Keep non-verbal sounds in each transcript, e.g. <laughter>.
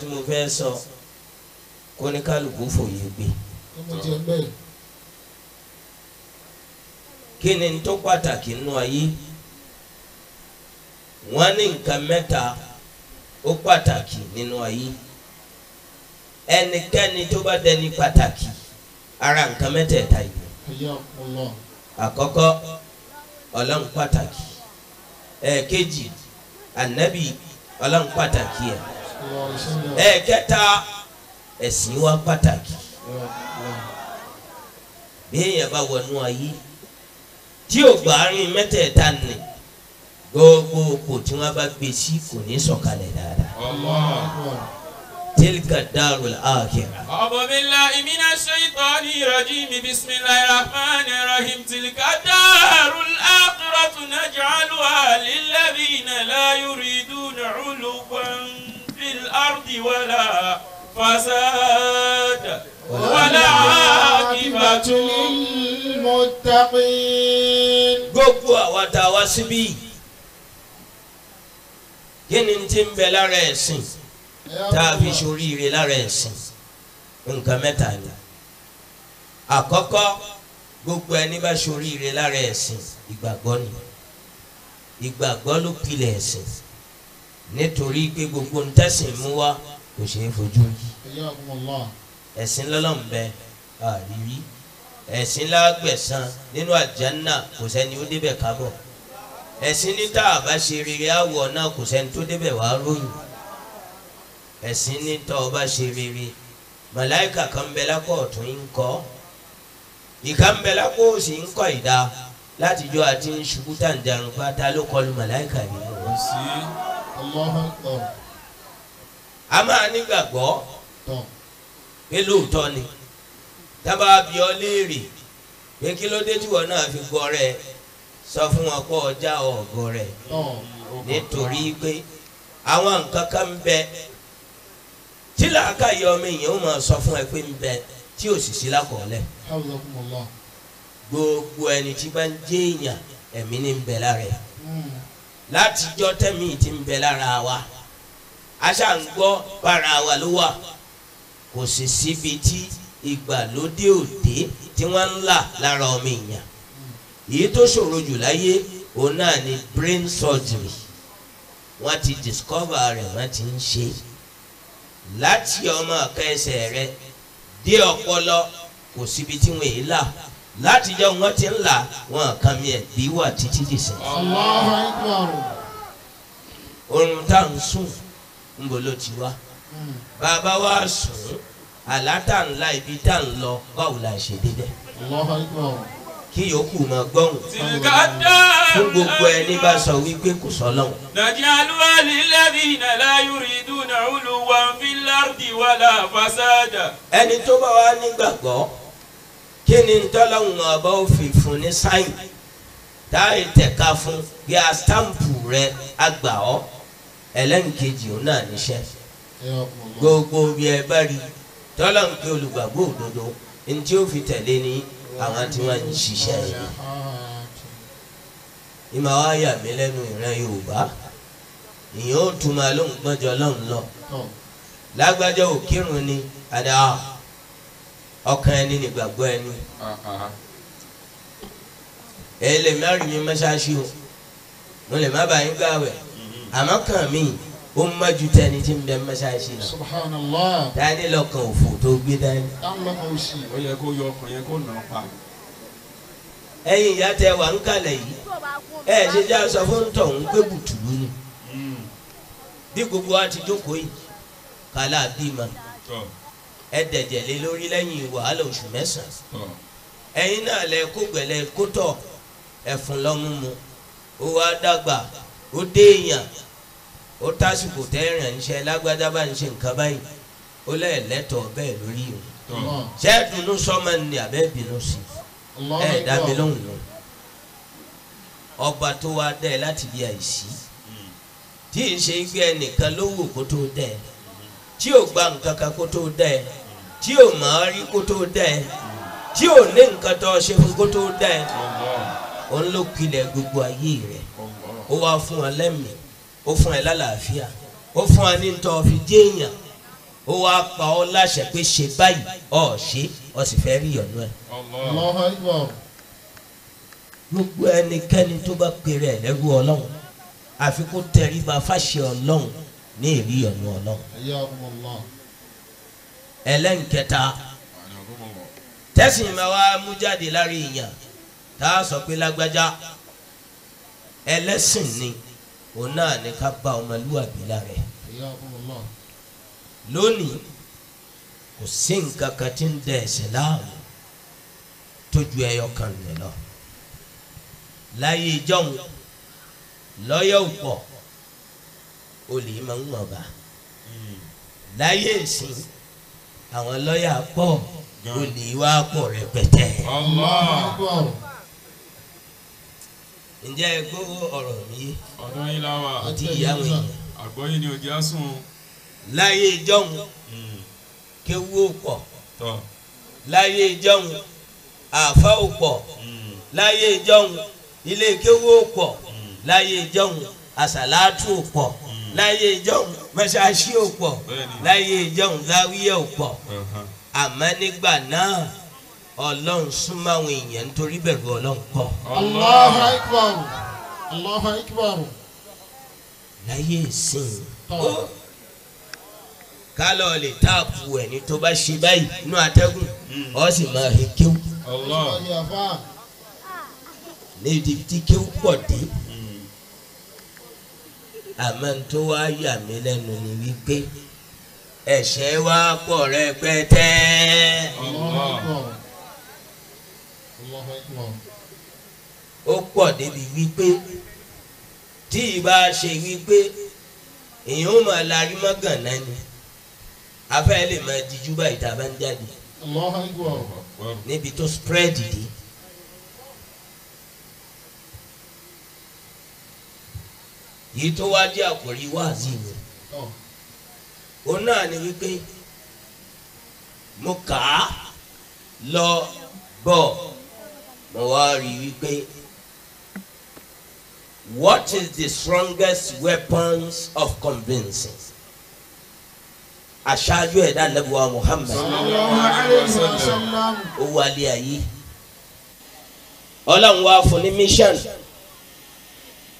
tí mo fẹ́ sọ kó ní kálukú fòye gbé. kí ni tó pàtàkì nínú ayé wọ́n ní nǹkan mẹ́ta ó pàtàkì nínú ayé ẹnikẹ́ni tó bá dẹni pàtàkì ara nǹkan mẹ́tẹ̀ẹ̀ta yìí àkọ́kọ́ ọlọ́run pàtàkì ànábì ọlọ́run ẹ̀kẹta ẹ̀sìn wa pàtàkì bí èèyàn bá wọnú ayé tí ò gbà rìn mẹ́tẹ̀ẹ̀ta nì gbogbo òpò tí wọ́n bá gbé sí kò ní sọ̀kalẹ̀ dáadáa. تلك الدار الآخرة أعوذ بالله من الشيطان الرجيم بسم الله الرحمن الرحيم تلك الدار الآخرة نجعلها للذين لا يريدون علوا الأرض ولا فساد والعاقبة للمتقين gbogbo àwa tá a wá síbí kí ni ti ń bẹ lára ẹ̀sìn tá a fi ṣoríire lára ẹ̀sìn nǹkan mẹ́ta ni àkọ́kọ́ gbogbo ẹni bá ṣoríire lára ẹ̀sìn ìgbàgbọ́ ni ìgbàgbọ́ ló pilẹ̀ ẹ̀sìn nítorí pé gbogbo ń tẹ̀sìn mú wá kò ṣeé fojú rí ẹ̀sìn lọ́lọ́run bẹ àrírí ẹ̀sìn lágbẹ̀san nínú àjánà kò sẹ́ni ó débẹ̀ kábọ̀ ẹ̀sìn ní tá a bá ṣe rere àwọ̀ náà kò sẹ́ni tó débẹ̀ wá ròyìn ẹ̀sìn ní tá a bá ṣe rere màláìkà kan ń bẹ lápò ọ̀tún ń kọ́ ìka ń bẹ lápò òsì ń kọ́ ìdá látijọ́ àti ń ṣubú tàǹdàrún ló kọlu màláìkà yìí. a máa nígbàgbọ́ pé lóòótọ́ ni dábàá bí ọ léèrè pé kí ló dé tíwọ náà fi sọ fún wọn ọjà ọgọ rẹ nítorí pé àwọn nǹkan kan ń bẹ tí làákàyè ọmọ èèyàn ó máa sọ fún ẹ ń bẹ tí ò sì sí gbogbo ẹni tí bá ń èèyàn ẹ̀mí hmm. látijọ́ tẹ̀mí ti ń bẹ lára wa aṣá ń gbọ́ bára wa ló wà kò sì síbi tí ìgbàlódé òde tí wọ́n ń là lára ọmọ èèyàn èyí tó ṣòro jù láyé òun náà ni brain surgery wọ́n ti discover rẹ̀ wọ́n ti ń ṣe láti ọmọ ọ̀kẹ́ ẹsẹ̀ rẹ̀ dé ọpọlọ kò síbi tí wọ́n èé là láti jẹ́ wọn ti ń là wọn kàn mí ẹ̀ bí wà títí dì sẹ́. oorun tá à ń sùn ń bò ló ti wá hmm. bàbá wa sùn àlá tá à ń la ibi tá à ń lọ báwo la ṣe débẹ̀. kí yòókù máa gbọ́hùn fún gbogbo ẹni bá sọ wípé kò sọ lọ́hùn. nàìjíríà lóhàlì lẹ́bí ìnàlá yorì dùnà olùwà fílárì wàlà fàṣàdà. ẹni tó wà nígbàgbọ́ kí ni tọ́lọ́hún ọba ò fi fún ní sáyìn táyì tẹ̀ka fún bí a stampu rẹ àgbà ọ́ ẹlẹ́nkejì òun náà níṣẹ́ gbogbo bí ẹ bá rí tọ́lọ́hún pé olùgbàgbọ́ òdodo ní tí ó fi tẹ̀lé ní àwọn tí wọ́n ń ṣiṣẹ́ yìí ìmọ̀ wa yà mí lẹ́nu ìran Yorùbá ìyẹn ó tún máa lóun lọ́hùn lọ lágbájá òkírun ni àdáhùn. ọkàn ẹni nígbàgbọ́ ẹni ẹ lè má le mi mọ́ṣáṣí o mo lè má bàa yín gbàwẹ̀ àmọ́ kàn mí ó má ju tẹni tí ń bẹ mọ́ṣáṣí lọ dání lọ́kàn òfò tó gbé dání. ìyá tẹ wà ń kalẹ̀ yìí ẹ ṣe jẹ́ fún pé ni hmm. bí gbogbo yìí kálá bímọ. ẹ dẹ̀jẹ̀ lé lórí lẹ́yìn wàhálà oṣù mẹ́sàn-án ẹ̀yin náà lẹ kó gbẹ̀lẹ́ kó tọ̀ ẹ̀fun lọ́mú mu ó wá dàgbà ó dé èèyàn ó tásìkò tẹ́rìn níṣẹ́ lágbádá bá ń ṣe nǹkan báyìí ó lẹ́ẹ̀ lẹ́tọ̀ọ́ bẹ́ẹ̀ lórí o ṣé dunú sọ́mọ ni àbẹ́ bínú sí ẹ̀ dá mi lóhùn lóhùn ọba tó wá dẹ́ láti bí àìsí hmm. tí ì ṣe gbé ẹnìkan lówó kó tó dẹ́ tí ò gba nǹkan kan kó tó dá ẹ tí ò mọ̀ ọ́ rí kó tó dá ẹ tí ò ní nǹkan tó ṣe fún kó tó dá ẹ òun ló kilẹ̀ gbogbo ayé rẹ̀ ó wá fún ọ lẹ́mìí ó fún ẹ lálàáfíà ó fún ẹ ní ntọ́ fi déèyàn ó wá pa ọ́ láṣẹ pé ṣe báyìí ọ̀ ṣe ọ̀ sì fẹ́ rí ọ̀nà ẹ̀. gbogbo ẹnikẹ́ni tó bá pèrè ẹ̀ lẹ́rú ọlọ́run àfi kó tẹríba fáṣẹ ọlọ́run ní ìrí ọ̀nù ọlọ́run. ẹlẹ́nkẹta tẹ́sìn máa wá mú jáde lára èèyàn tá a sọ pé lágbájá ẹlẹ́sìn ni òun náà ní ká bá ọmọlúwàbí lára ẹ̀. lónìí kò sí nǹkan kan tí ń dẹ ẹ̀sìn láàmú tójú ẹyọ kan lè lọ láyé ìjọ́un lọ́yẹ̀ òpọ̀ olè máa ń wọ̀n bá hmm. láyé ìsìn àwọn lọ́ọ̀yà pọ̀ hmm. olè wá pọ̀ rẹpẹtẹ. ǹjẹ́ ẹ gbọ́ ọ̀rọ̀ mi yé ọ̀dọ́ yín la wà ó ti yá àwọn èèyàn àgbọ̀ yín ni òjì á láyé ìjọ́hun hmm. kéwú ò láyé ìjọ́hun àfa ò láyé ìjọ́hun ilé kéwú ò láyé ìjọ́hun àsàlátù ò Mm láyé ìjọhùn mọ́ṣáláṣí ò pọ̀ láyé ìjọhùn láwíyẹ ò pọ̀ uh-huh. àmọ́ nígbà náà ọlọ́run súnmọ́ àwọn èèyàn nítorí bẹ̀rù ọlọ́run pọ̀. Allahu Akbar Allahu Akbar. láyé ìsìn kálọ̀ lè táàpù ẹni tó bá ṣe báyìí inú atẹ́gùn hmm. ó sì máa he kéwù. níbi tí kéwù pọ̀ dé àmọ́ tó wá yà mí lẹ́nu ni wípé ẹ̀ṣẹ̀ wa pọ̀ rẹpẹtẹ. ó pọ̀ débi wípé tí ìbá ṣe wípé èèyàn ó máa larí mọ́gàn náà ni afẹ́ lè máa dijú báyìí tá bá ń jáde níbi tó spread dé. yìí tó wá jẹ́ àkòrí wáàzì mi òun náà ni wípé mo kà á lọ bọ̀ mo wá rí wípé what is the strongest weapons of convincing aṣáájú ẹ̀dá lẹ́bùwá Muhammad ó wálé ayé ọlọ́run wá fún ní mission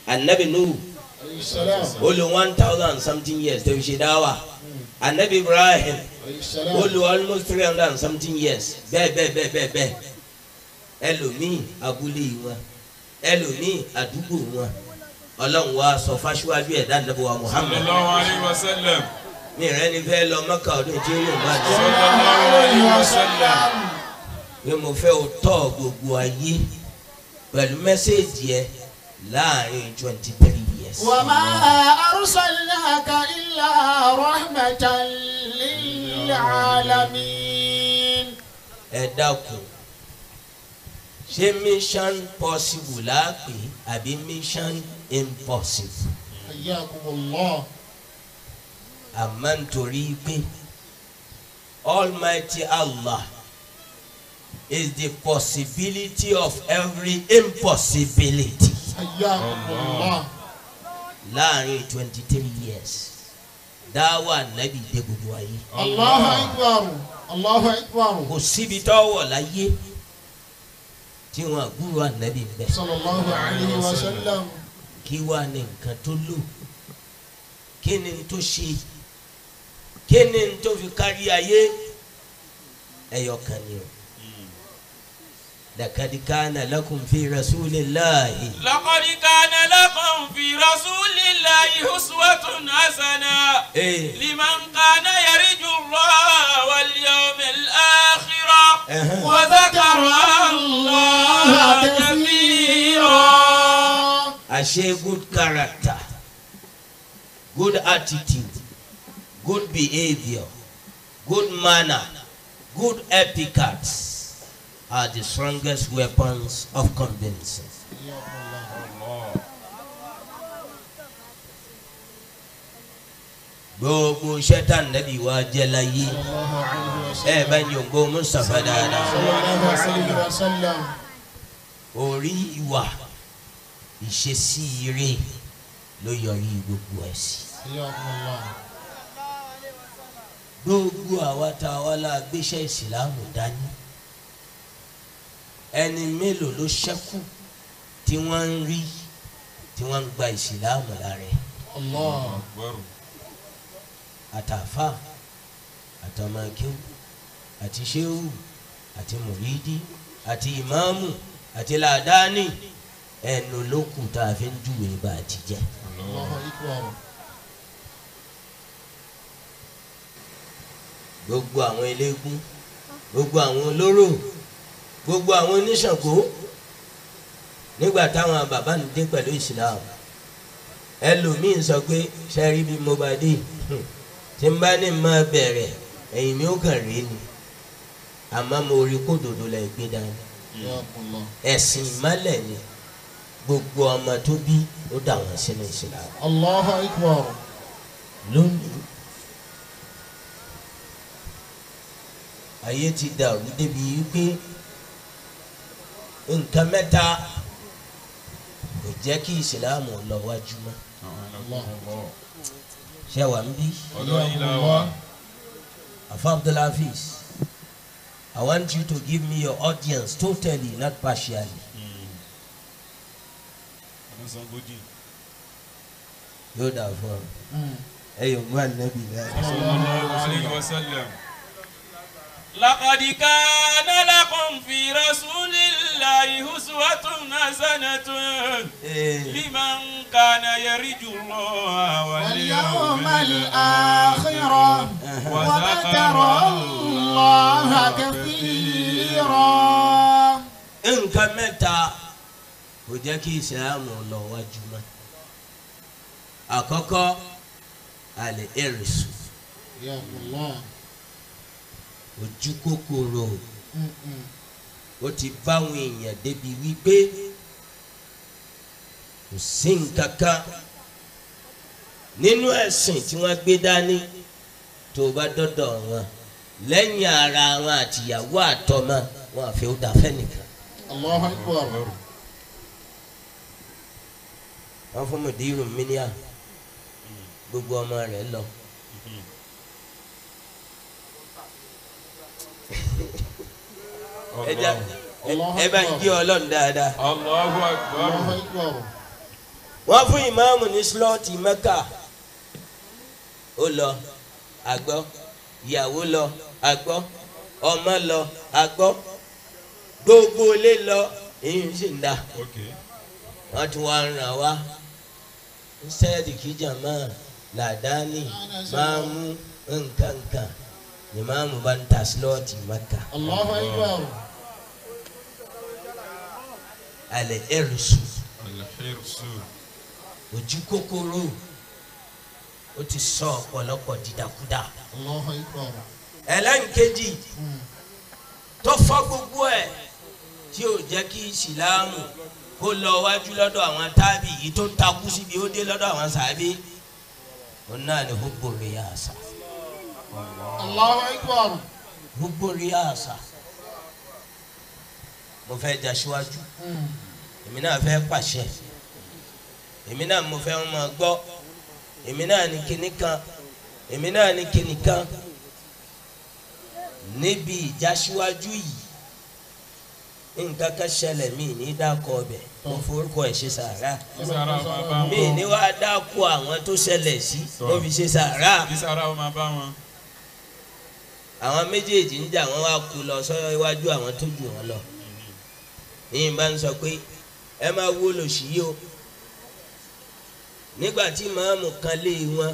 anabi nuhu ó lò one thousand something years tó fi ṣe dáwà anabi ibrahim ó almost three hundred and something years bẹ́ẹ̀ bẹ́ẹ̀ bẹ́ẹ̀ bẹ́ẹ̀ bẹ́ẹ̀ ẹlòmíì abúlé wọn ẹlòmíì àdúgbò wọn ọlọ́run wa sọ fáṣíwájú ẹ̀dá nàbọ̀ wa muhammed. sallallahu alayhi wa sallam. mi rẹ ni fẹ́ lọ mọ́kà ọdún tí ó yóò bá ni sallallahu alayhi wa sallam. pé mo fẹ́ o tọ́ gbogbo ayé pẹ̀lú mẹ́sẹ̀ẹ̀jì ẹ láàrin twenty three. وما أرسلناك إلا رحمة للعالمين أداكو شيء ميشان بوسيبو لاكي أبي ميشان impossible حياكم الله أمان تريبي Almighty Allah is the possibility of every impossibility. Allah. Allah. láàrin twenty three years dáwà nàbì dé gbogbo ayé. Allahu Akbar Allahu Akbar. kò síbi tọ́wọ̀ láyé tí wọn àgúrò ànábì ń bẹ. sallallahu alayhi wa sallam. kí wàá ní nǹkan tó lò kí ni tó ṣe kí ni tó fi kárí ayé ẹyọ ni o. لقد كان لكم في رسول الله لقد كان لكم في رسول الله أسوة حسنة إيه؟ لمن كان يرجو الله واليوم الآخر أه. وذكر الله كثيرا أشي good character good attitude good behavior good manner good etiquette are the strongest weapons of convincing. gbogbo Shetan, tá nàbí wa jẹ́ láyé ẹ bá yòǹgbò mustapha dáadáa orí ìwà ìṣesí ire ló yọrí gbogbo ẹ̀ sí. gbogbo àwa tá a wá la ìsìlámù dání ẹni mélòó ló ṣẹ́kù tí wọ́n ń rí tí wọ́n ń gba ìsìláàmù lára àtàfà àtọmọkéw àti ṣéwù àti mùrídì àti ìmáàmù àti làdáni ẹnu ló kù tá a fi ń júwèé bá a ti jẹ. gbogbo àwọn eléégún gbogbo àwọn olóró gbogbo àwọn oníṣàngó nígbà táwọn bàbá ń dé pẹ̀lú Islam ẹlòmíín sọ pé sẹ́rí bí mo bá dé tí n bá ní máa bẹ̀rẹ̀ ẹ̀yìn mi ó kàn rí ni àmọ́ mo rí kódòdó la gbé dání ẹ̀sìn ìmálẹ̀ ni gbogbo ọmọ tó bí ó dà wọ́n sínú Islam. Allahu Akbar. lónìí ayé ti dàrú débi wípé nǹkan mẹ́ta kò jẹ́ kí ìsìláàmù lọ wájú mọ́ ṣé wà ń bí afa abdulhafiz i want you to give me your audience totally not partially. yóò dà fún ọ hmm. ẹ yóò mú ànábì náà. لقد كان لكم في رسول الله أسوة حسنة لمن كان يرجو الله واليوم الآخر وذكر الله كثيرا nǹkan mẹ́ta kò jẹ́ الله ìsìlámù lọ على mọ́ àkọ́kọ́ àlè ojú kòkòrò ó ti báwọn èèyàn débi wípé kò sí nǹkan nínú ẹ̀sìn tí wọ́n gbé dání tó bá dọ́dọ̀ wọn lẹ́yìn ara wọn àtìyàwó àtọmọ wọn àfi ó dà fẹ́ nìkan. Allahu Akbar. wọ́n fún mi dírù mílíà gbogbo ọmọ rẹ lọ. Mm-hmm. ẹ bá ń gé ọlọ́run dáadáa. Allahu Akbar. wọ́n fún ìmáàmù ní lọ àgbọ́ ìyàwó lọ àgbọ́ ọmọ lọ àgbọ́ gbogbo lọ sì ń wọ́n ti wá ràn wá sẹ́ẹ̀dì ni bá ń alẹ́hẹ́rìsù alẹ́hẹ́rìsù ojú kòkòrò ó ti sọ ọ̀pọ̀lọpọ̀ dìdàkudà ẹlẹ́nkejì hmm. tó fọ́ gbogbo ẹ̀ tí ò jẹ́ kí ìsìláàmù kó lọ wájú lọ́dọ̀ àwọn tábì yìí tó ń takú síbi ó dé lọ́dọ̀ àwọn sàbí òun náà ni hubbur riyasa. Allahu akbar. hubbur riyasa mo fẹ́ jà síwájú hmm. èmi náà fẹ́ pàṣẹ èmi náà mo fẹ́ máa gbọ́ èmi náà ní kinní kan èmi náà ní kinní kan níbi ìjásíwájú yìí nǹkan kan ṣẹlẹ̀ mí ní dákọ̀ ọbẹ̀ mo hmm. forúkọ ẹ̀ ṣe sàárà mí ní wá dákọ̀ àwọn tó ṣẹlẹ̀ sí hmm. mo fi ṣe sàárà àwọn méjèèjì ń jà wọ́n wá kú lọ sọ́yọ́ iwájú àwọn tó jù wọ́n lọ yìí bá ń sọ pé ẹ máa wo lòsì yìí o nígbà tí màámu kan lé wọn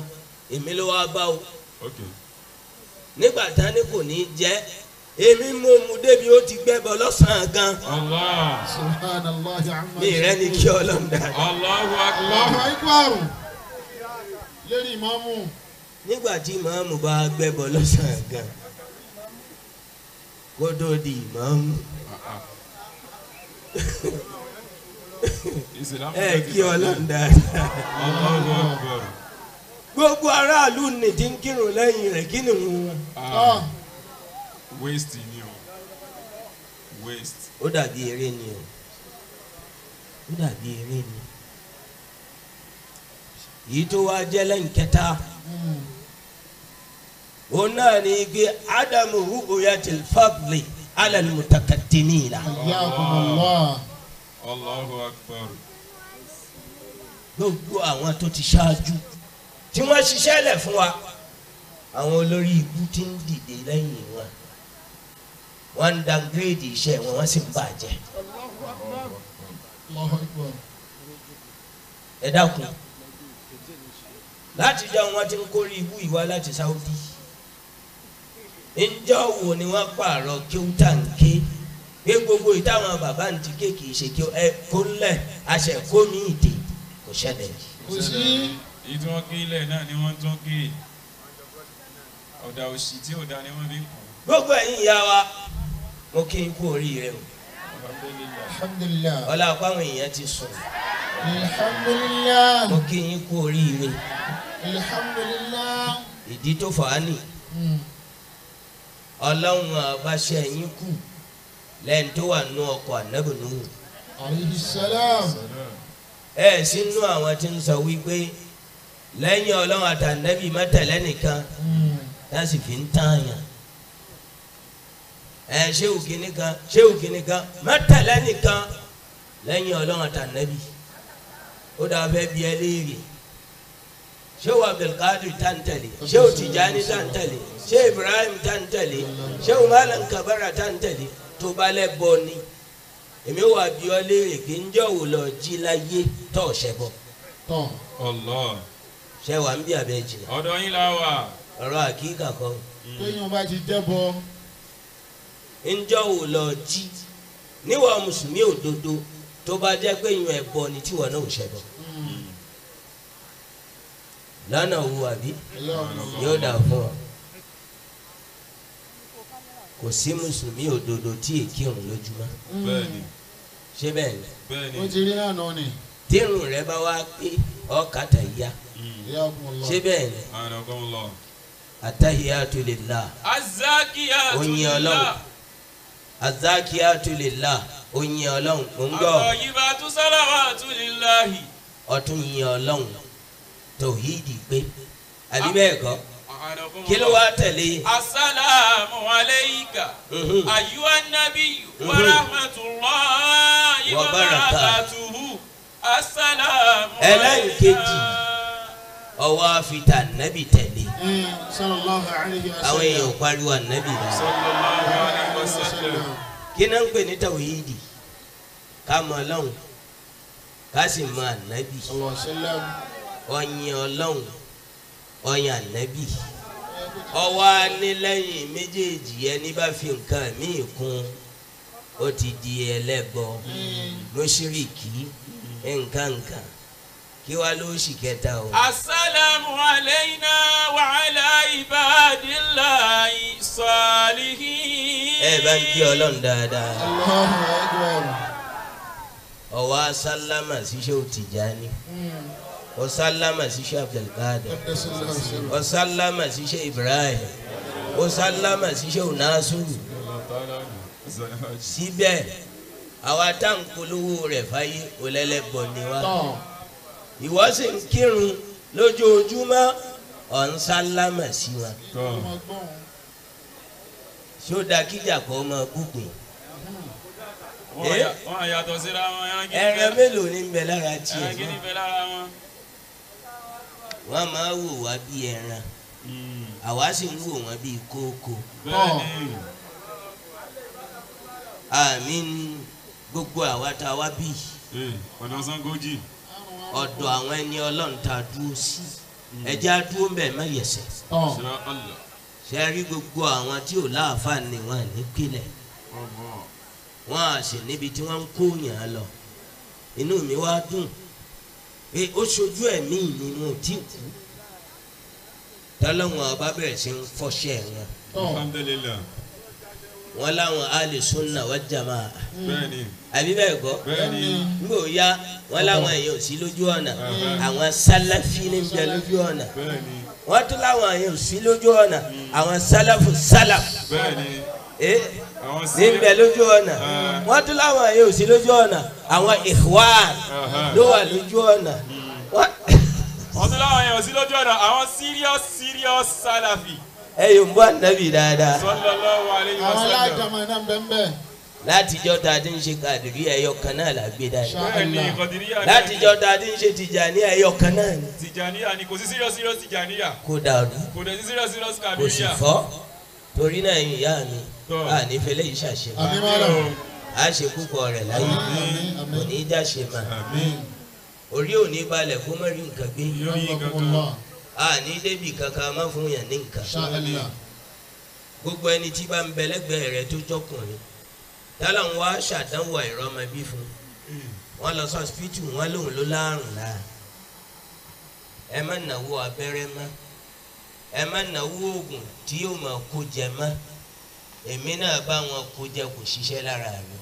èmi ló wá bá o nígbà tá ní kò ní jẹ́ èmi mú mu débi ó ti gbẹ́ bọ́ lọ́sàn-án gan. mi rẹ ni kí ọlọ́run dà. Allahu nígbà tí ìmáàmù bá gbẹ́ bọ́ lọ́sàn-án gan kó tó di ìmáàmù. Ah, ah ẹ kí ọlọ́run dáadáa oh, oh, gbogbo aráàlú nìdí ń kírun lẹ́yìn rẹ̀ kí nìyí wọn. Ah, ah. waste ni o waste. ó dàbí eré ni o ó dàbí eré ni yìí tó wá jẹ́ lẹ́yìn kẹta hmm. òun náà ni gbé ádámù rúbùyà tìlfàbùlì. على ni mutakadini الله الله akbar. gbogbo àwọn tó ti ṣáájú tí wọ́n ṣiṣẹ́ lẹ̀ fún wa àwọn olórí ibú ti ń dìde lẹ́yìn wọn wọ́n ń downgrade iṣẹ́ wọn wọ́n sì ń bàjẹ́. ẹ dákun láti jẹun wọn ti ń kórè ibú ìwá láti Saudi ńjọ́ wo ni wọ́n pààrọ̀ kí ó tàǹkì pé gbogbo ìtàwọn bàbá ń ti kéèkì ṣe kí ẹ kó lẹ̀ àṣẹ kó ní ìdè kò ṣẹlẹ̀. kò sí ìtú wọn kí ilẹ̀ náà ni wọ́n tún kí ọ̀dà òṣì tí ọ̀dà ni wọ́n fi kù. gbogbo ẹ̀yin ìyá wa mo kí n kú oríire o. alhamdulilayi. àpá àwọn èèyàn ti sùn. mo kí n kú oríire. ìdí tó fà á nì. Hmm ọlọ́run àbáṣẹ yín kù lẹ́yìn tó wà nù ọkọ̀ ànábìnú. alayhi salam. ẹ sínú àwọn tí ń sọ wípé lẹ́yìn ọlọ́run àtànẹ́bì mẹ́tẹ̀lẹ́ nìkan láti hmm. sì fi ń tààyàn. ẹ ṣéwù kìíní kan ṣéwù kìíní kan mẹ́tẹ̀lẹ́ nìkan lẹ́yìn ọlọ́run àtànẹ́bì ó dàbẹ́ bí ẹ léèrè shehu abdulkadir tan tẹ̀lé shehu tijani tan tẹ̀lé shehu ibrahim tan tẹ̀lé shehu malam kabara tan tẹ̀lé tó bá lẹ bọ ni èmi wà bí ọ léèrè pé ń jọ wò lọ jí láyé tọ̀ ṣẹ bọ. tán Allah. ṣé wàá ń bí abẹ jìnnà. ọ̀dọ̀ yín la wà. ọ̀rọ̀ àkíkà kọ́. téèyàn bá ti jẹ́bọ. ń jọ wò lọ jí níwà mùsùlùmí òdodo tó bá jẹ́ pé ìyẹn ẹ̀bọ ni tíwọ náà ò ṣẹbọ lọ́nà wo àbí yóò dà fún ọ kò sí mùsùlùmí òdodo tí èké òun lójúmọ́ ṣé bẹ́ẹ̀ ni o ti rí náà nọ ni. tírun rẹ bá wá pé ọkàtà yá ṣé bẹ́ẹ̀ ni atahiyatu lillah oyin ọlọ́run azakiyatu lillah oyin ọlọ́run ń gbọ́ ọ̀tún yin ọlọ́run tòhídì pé àbí ah, bẹ́ẹ̀ kọ́ kí ló wá tẹ̀lé. asalaamu aleyka ayuwa nabiyu wa rahmatulahi wa barakatuhu asalaamu aleyka. ẹlẹ́yìnkejì ọwọ́ àfità nàbì tẹ̀lé. Hmm, àwọn èèyàn pariwo ànábì rẹ̀. kí náà ń pè ní tàwíìdì ká mọ ọlọ́run ká sì mọ ànábì ọyàn ọlọ́run ọyàn ànábì ọwọ́ anilẹ́yìn méjèèjì ẹni bá fi nǹkan míì kún ó ti di ẹlẹ́bọ mọ́ṣíríkì nǹkankan kí wàá ló sì kẹta o. asalaamu alayna wa ala ibadillahi salihin. ẹ bá ń kí ọlọ́run dáadáa. Allahu akbar. ọwọ́ asálámà síṣẹ́ òtìjà ni. Mm ó sálámà sí Sheikh Abdulkadir ó sálámà sí Sheikh Ibrahim ó sálámà sí Sheikh Nasiru síbẹ̀ àwa tá à ń polówó rẹ̀ fáyé olẹ́lẹ́bọ̀ ni wá ìwọ sì ń kírun lójoojúmọ́ ọ̀ ń sálámà sí wa ṣó da kíjà kọ́ ọmọ gbùgbìn ẹ̀rẹ̀ mélòó ni ń bẹ lára tiẹ̀ wọ́n máa wò wá bí ẹran hmm. àwa sì ń wò wọ́n bí kókó. àmì gbogbo àwa tá a wá bí. ọ̀dọ̀ sangoji. ọ̀dọ̀ àwọn ẹni ọlọ́run tá a dúró sí hmm. ẹjẹ́ á dúró bẹ́ẹ̀ má yẹsẹ̀. ṣe rí gbogbo àwọn tí ò láǹfààní wọn nípìnlẹ̀ wọn à sì níbi tí wọ́n ń kó yàn án lọ inú mi wá dùn ó ṣojú ẹ̀mí mi mo ti kú tọ́lọ́wọ́n ọba bẹ̀rẹ̀ sí ń fọ́ṣẹ́ wọn. alhamdulillah. wọn láwọn ali sunna wa jamaa. bẹ́ẹ̀ni. àbí bẹ́ẹ̀ kọ́. bẹ́ẹ̀ni. n kò ya wọn láwọn èèyàn ò sí lójú ọ̀nà àwọn sálàfí ni bẹ lójú ọ̀nà. wọ́n tún láwọn èèyàn ò sí lójú ọ̀nà àwọn sálàfù sálàfù níbẹ̀ lójú ọ̀nà ah. wọ́n tún láwọn yóò sí lójú ọ̀nà àwọn ikhwan ló wà lójú ọ̀nà. Hmm. <laughs> wọ́n tún láwọn yóò sí lójú ọ̀nà àwọn serious serious salafi. ẹ yóò ń bọ́ ànábì dáadáa. sallallahu alaihi wasallam. àwọn alájọmọ iná bẹ́ẹ̀ látijọ́ tá a ti ń ṣe kàdìrí ẹ̀yọ kan náà la gbé dání. látijọ́ tá ti ń ṣe tìjàníyà ẹ̀yọ kan náà ni. tìjàníyà ni kò sí serious serious tìjàníyà. kò dàrú kò sí serious serious kàdìríyà. kò sì fọ́ torí náà ìyá mi. a ah, nífẹ̀ẹ́ lẹ́yìn ṣàṣemọ́ a ṣe púpọ̀ rẹ̀ láyé kò ní í dáṣe mà orí ò ní balẹ̀ kó mẹ́rin nǹkan gbé a ní débi kankan má fún yàn ní gbogbo ẹni tí bá ń bẹ lẹ́gbẹ̀ẹ́ rẹ̀ tó jọkùnrin ń wá ṣàdánwò àìrọ́mọ bí fún wọn lọ sọ sípítù wọn lòun ló láàrùn láà ẹ má abere ma. mọ́ ẹ má náwó oògùn tí yóò máa kó jẹ èmi náà bá wọn kó jẹ kò ṣiṣẹ́ lára mi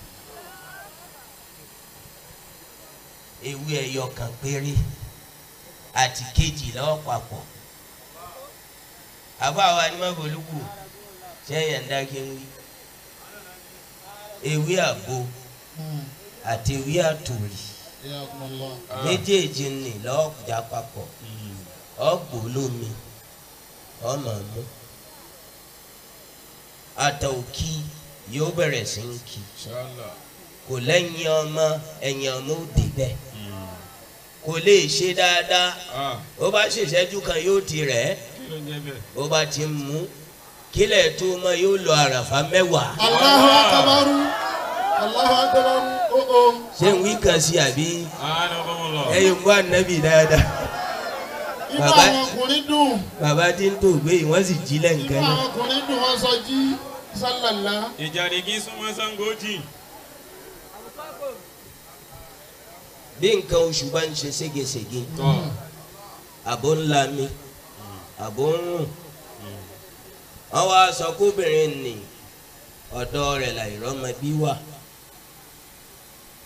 ewé ẹyọ kan péré àti kejì lọ́wọ́ papọ̀ àbá wa ni wọ́n bolúkú sẹ́yìn ẹ̀ńdákẹ́ ń wí ewé àgbo àti ewé àtòrí méjèèjì ni lọ́wọ́ kùjà papọ̀ hmm. ọ̀gbọ́n lómi ọmọ mú àtàòkì yóò bẹ̀rẹ̀ sí ń kí kò lẹ́yìn ọmọ ẹ̀yìn ọmọ ó débẹ̀ hmm. kò lè ṣe dáadáa ah. ó bá ṣèṣẹ́jú kan yóò ti rẹ̀ ó bá ti mú kílẹ̀ tó mọ yóò lọ àràfà mẹ́wàá. Allahu ah. akbar Allahu akbar oh, oh. ṣé n wí kan sí àbí ẹ̀yin ah, kó ànábì dáadáa bàbá bàbá tí ń tó gbé yìí wọ́n sì jí lẹ́ǹkan náà. ìbá ọkùnrin dùn wọ́n sọ jí sálàlá. ìjàdìgí súnmọ́ sango jì. bí nǹkan oṣù bá ń ṣe ségesège àbò ńlá mi àbò ń rùn wọ́n wá sọ kóbìnrin nì ọ̀dọ́ rẹ̀ làìrọ́mọbí wà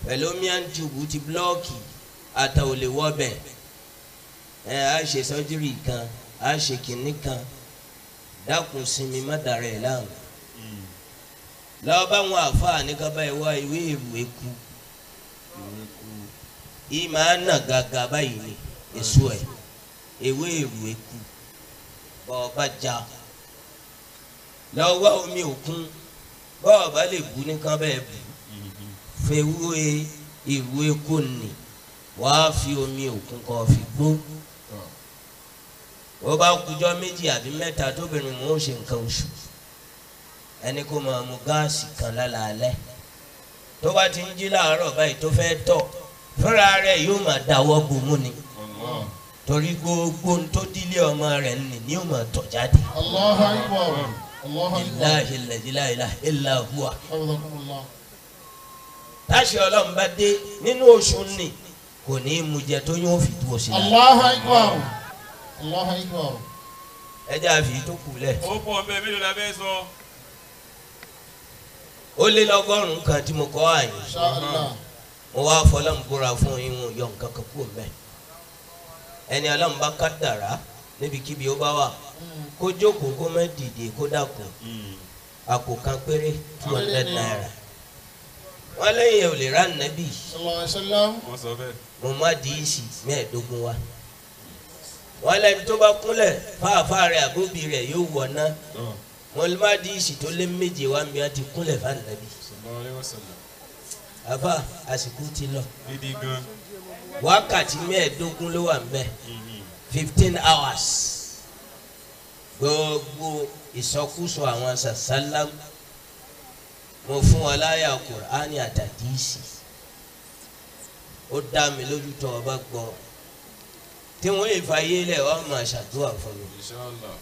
pẹ̀lú mian tube ti búlọ́ọ̀kì àtàwọ̀lẹ̀wọ́bẹ̀. ẹ á ṣe sọ́jírì kan á ṣe kìnní kan dákun sinmi má dàrẹ́ lọ́wọ́ báwọn àfáà ní ká báyìí ìwé ìwé ku yìí máa nà gàgà báyìí ni èso ẹ̀ ìwé ìwé ku bọ́ọ̀bá já lọ́wọ́ omi òkun bọ́ọ̀bá lè bu nìkan bẹ́ẹ̀ bù fẹ́wúwe ìwé kò wàá fi omi òkun kọ́ fi gbó. ó bá kújọ́ méjì àbí mẹ́ta tóbìnrin mò ń ṣe nǹkan oṣù ẹni kó máa mu gáàsì kan lálaalẹ́ tó bá ti ń jí láàárọ̀ báyìí tó fẹ́ tọ̀ fúnra rẹ̀ yóò máa dáwọ́ bò mú ni torí gbogbo ohun tó dílé ọmọ rẹ̀ nì ni yóò máa tọ̀ jáde. Allahu Akbar, Allahu Akbar. ilahi táṣì ọlọ́run bá dé nínú oṣù nì kò ní í mu jẹ tó yóò fi tu òsì náà. Allahu Akbar. Allahu Akbar. ẹ jẹ́ àfi tó kù lẹ̀. ó pọ̀ bẹ́ẹ̀ la bẹ́ẹ̀ sọ. lé lọ́gọ́rùn-ún kan tí mo kọ́ àyè. mo wá fọlọ́mùbúra fún yín yọ nǹkan kan kúrò mẹ́. ẹni ọlọ́mùbá kádàrá níbikíbi ó bá wà hmm. kó jókòó kó dìde kó àpò hmm. kan péré naira wọ́n lẹ́yìn ò lè rà nàbì. mo má di ìsì mẹ́ẹ̀ẹ́dógún wa. wọ́n lẹ́ni tó bá kúnlẹ̀ fáàfáà rẹ̀ àbóbì rẹ̀ yóò wọ̀ ná hmm. wọn má di ìsì tó lé méje wá mi á ti kúnlẹ̀ fáànù àbá àsìkò ti lọ wákàtí mẹ́ẹ̀ẹ́dógún ló wà ń hmm. fifteen hours gbogbo ìsọkúsọ àwọn sàsálà mo fún wọn láyà kùránì àtàdísì ó dá mi lójú tó o bá tí wọ́n lè fàyè lẹ̀ ọ́ máa ṣàdúrà fún mi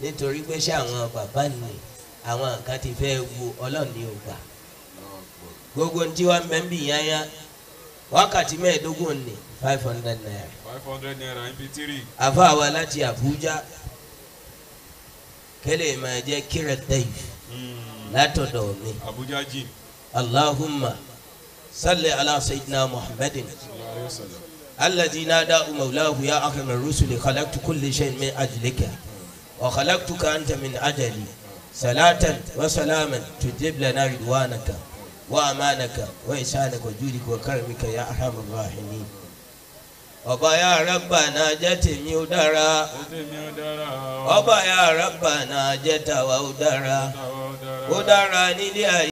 nítorí pé ṣé àwọn bàbá ni àwọn kan ti fẹ́ wo ọlọ́ọ̀ni ò gbà gbogbo ní tí wọ́n mẹ́mbì yányá wákàtí mẹ́ẹ̀ẹ́dógún ni five hundred naira. five hundred naira mp3. àfa wa láti Àbújá kẹlẹ máa jẹ kíra dayif hmm. látọ̀dọ̀ mi. Àbújá jì. Allahumma salli ala sayyidina Muhammadin. الذي نادى مولاه يا أكرم الرسل خلقت كل شيء من أجلك وخلقتك أنت من أجلي صلاة وسلاما تجيب لنا رضوانك وأمانك وإحسانك وجودك وكرمك يا أرحم الراحمين وبا يا ربنا جت ميودرا وبا يا ربنا جت وودرا ودرا tàwa